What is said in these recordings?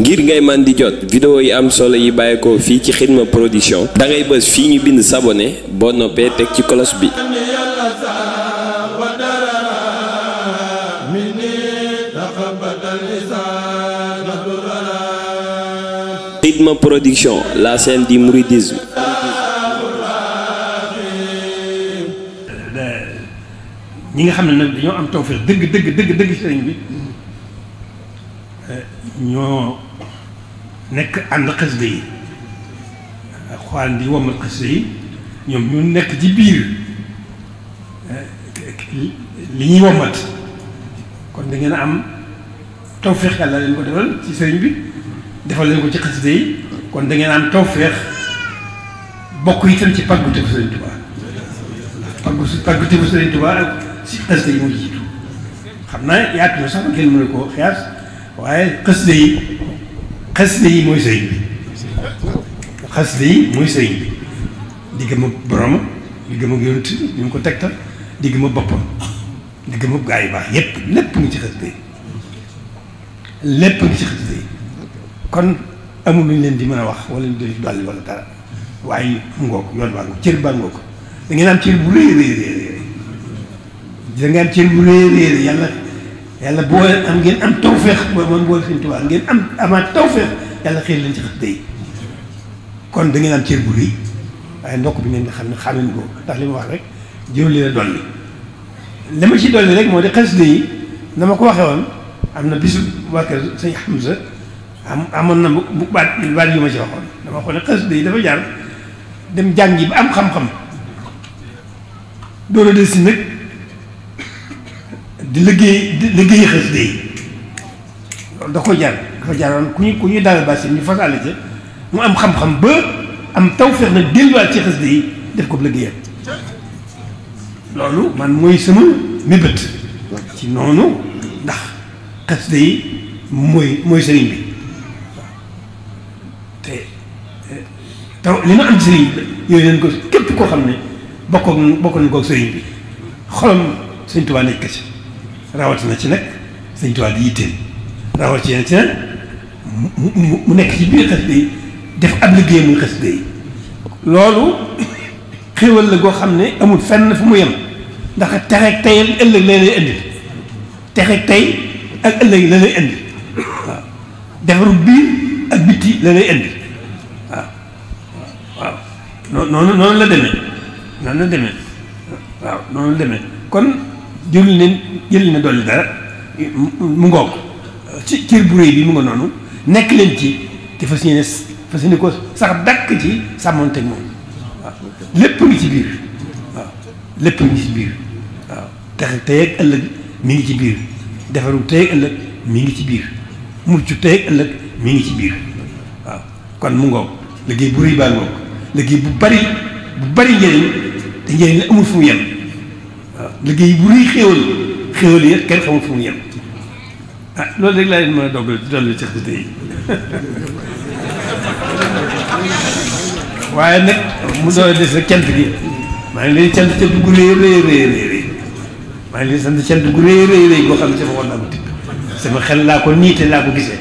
ngir ngay jot vidéo yi am solo yi bàyyeekoo fi ci Xidma Production da ngay beus fi ñu bind sabonné suis noppé ci bi Production la scène du mouridisme ñi nga xam ne nag dañoo am tawfeex dëgg dëgg dëgg dëgg sëriñ bi eh, ñoo nekk ànd xasida yi xoolaan di womal xasida yi ñoom ñu nekk ci biir eh, li ñuy womat kon da ngeen a am tawfeex yàlla leen ko defal ci sëriñ bi defal leen ko ci xasida yi kon da ngeen a am tawfeex bokk itam ci pàggu tefu sëriñ Tuubaa pàggu pàggu tefu sëriñ Tuubaa sikkal yi moo jiitu xam naa yaatu na sax ba kenn mënu koo xiyaas waaye xasida yi xasida yi mooy sëriñ bi xasida yi mooy sëriñ bi digg ma borom digg ma yonent ñu ngi ko tegtal digg ma boppam digg ma gaa yu baax yépp lépp ngi ci xasida yi lépp ngi ci xasida yi kon amul lu ñu leen di mën a wax wala ñu dolli wala dara waaye ngoog yoon baa ngoog cër baa ngoog da ngeen am cër bu rëy rëy rëy زعمت المريرة يلا يلا بول أم جن أم توفيق ما بول فين توا أم جن أم أم توفيق يلا خير اللي تخدي كون دعين أم تربوري أنا دوك بين خان خانين جو تعلم وارك جو لي دولي لما شيء دولي لك ما ده قصدي لما كوا خان أنا بس واكر سي حمزة أم أم أنا بعد بعد يوم جوا خان لما كوا قصدي لما جار دم جانجي أم خم خم دولة دسمك di liggéey di liggéey xasida yi loolu da ko jar dafa jaroon ku ñu ku ñuy daal baasin ñu fas àll mu am xam-xam ba am tawféex na delluwaat ci xasida yi def ko liggéeyam loolu man mooy sama mébét ci noonu ndax xasida yi mooy mooy sëriñ bi te taw li ma am ci sëriñ yooyu leen ko képp koo xam ne bokkoon bokkoon nañ ko sëriñ bi xolam sëñ Tuubaa nekk ci rawatina ci nag sëñ Tuubaa di rawatina ci nag mu mu nekk ci biir xasida yi def ab liggéey muy xasida yi loolu xéwal la goo xam ne amul fenn fu mu yem ndax texeeg tey ëllëg la lay indi texeeg tey ak ëllëg la lay indi waaw defaru biir ak bitti la lay indi waaw waaw noonu noonu la demee noonu la demee waaw noonu la demee kon. jël leen jël na dolli dara mu ngoog ci cër bu réy bi mu nga noonu nekk leen ci te fas yéene fas yéene ko sax dàkk ci sàmmonteeg moom waaw lépp ngi ci biir waaw lépp ngi ci biir waaw tax tey ak ëllëg mi ngi ci biir mu ci biir mucc tey ak ëllëg mi ngi ci biir waaw kon mu ngoog liggéey bu baa ngoog liggéey bu bari bu bari njëriñ te njëriñ la amul fu mu yem liggéey bu rëy xéwal xéwal yi kenn xamul mu yem ah loolu de laa leen mën a dogal dolli ci xasida yi waaye nag mu doon des nag cant gi maa ngi leen cant cant gu rëy rëy rëy rëy sant cant gu rëy rëy rëy goo xam ne sama woon naa ko tibb sama xel laa ko niite laa ko gisee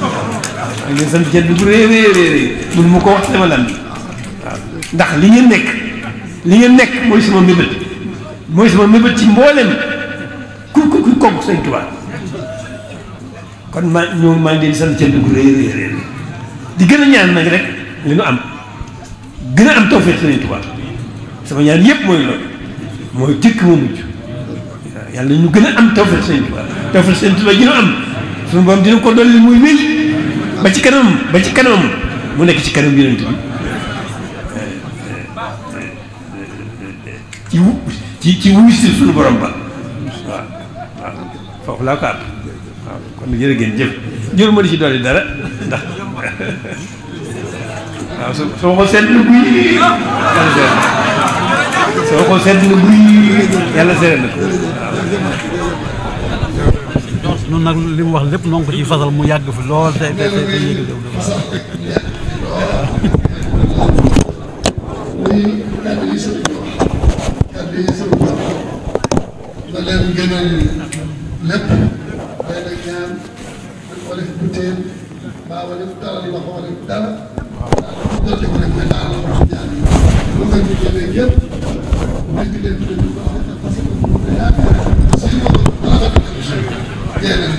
maa ngi leen sant cant gu rëy rëy mun mu ko wax sama lan waaw ndax li ngeen nekk li ngeen nekk mooy sama mbébét mooy sama mébét ci mboolem ku ku ku kooku sëñ Tuubaa kon ma ñoom maa ngi leen di sant cant gu rëy rëy rëy di gën a ñaan nag rek li nu am gën a am tawfeex sëñ Tuubaa sama ñaan yëpp mooy loolu mooy jëkk moo yàlla ñu gën a am tawfeex sëñ Tuubaa tawfeex sëñ Tuubaa dina ko dolli muy wéy ba ci kanam ba ci kanam mu nekk ci kanam yonent bi ci ci ci wuy si suñu borom ba waaw foofu laa ko àpp waaw kon jërë ngeen jëf jëru ma di ci dolli dara ndax waaw su soo ko seet na buy yàlla seet na waaw noonu nag li mu wax lépp noonu ko ci fasal mu yàgg fi lool tey tey tey yëg dëw liggéey sëriñ Tuubaa la leen gënal lépp day na ñaan dañ ko def butéel mbaa wala dara di wax wala dara daal di ko def mais daal la ko xam ñaan yi loolu nga ñu jëlee yëpp dégg leen dégg ko am na parce que bu dee yaakaar suñu ko rafet na ko suñu jëlee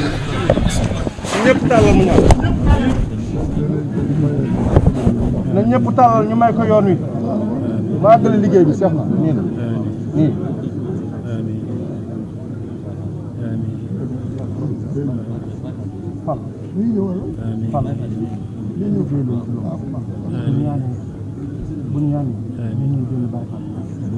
na ñëpp tàllal mu ñaan na ñëpp tàllal ñu may ko yoon wi maa gën a liggéey bi seex na nii la آمين آمين آمين آمين آمين بنيان آمين آمين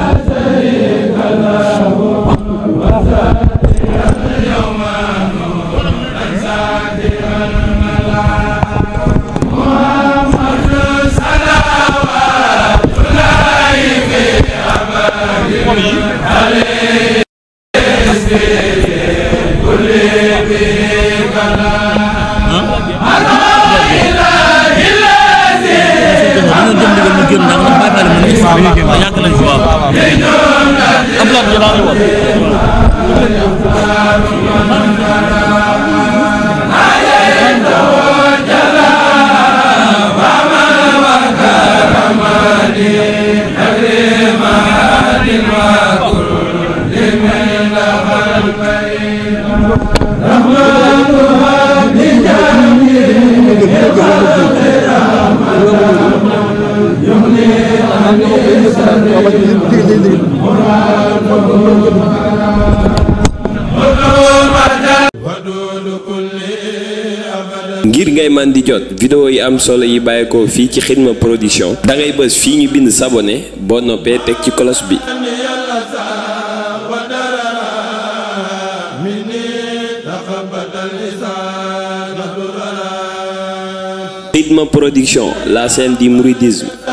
Yeah. ngir ngay vidéo yi am solo yi production da ngay beus s'abonner production la scène du mouridisme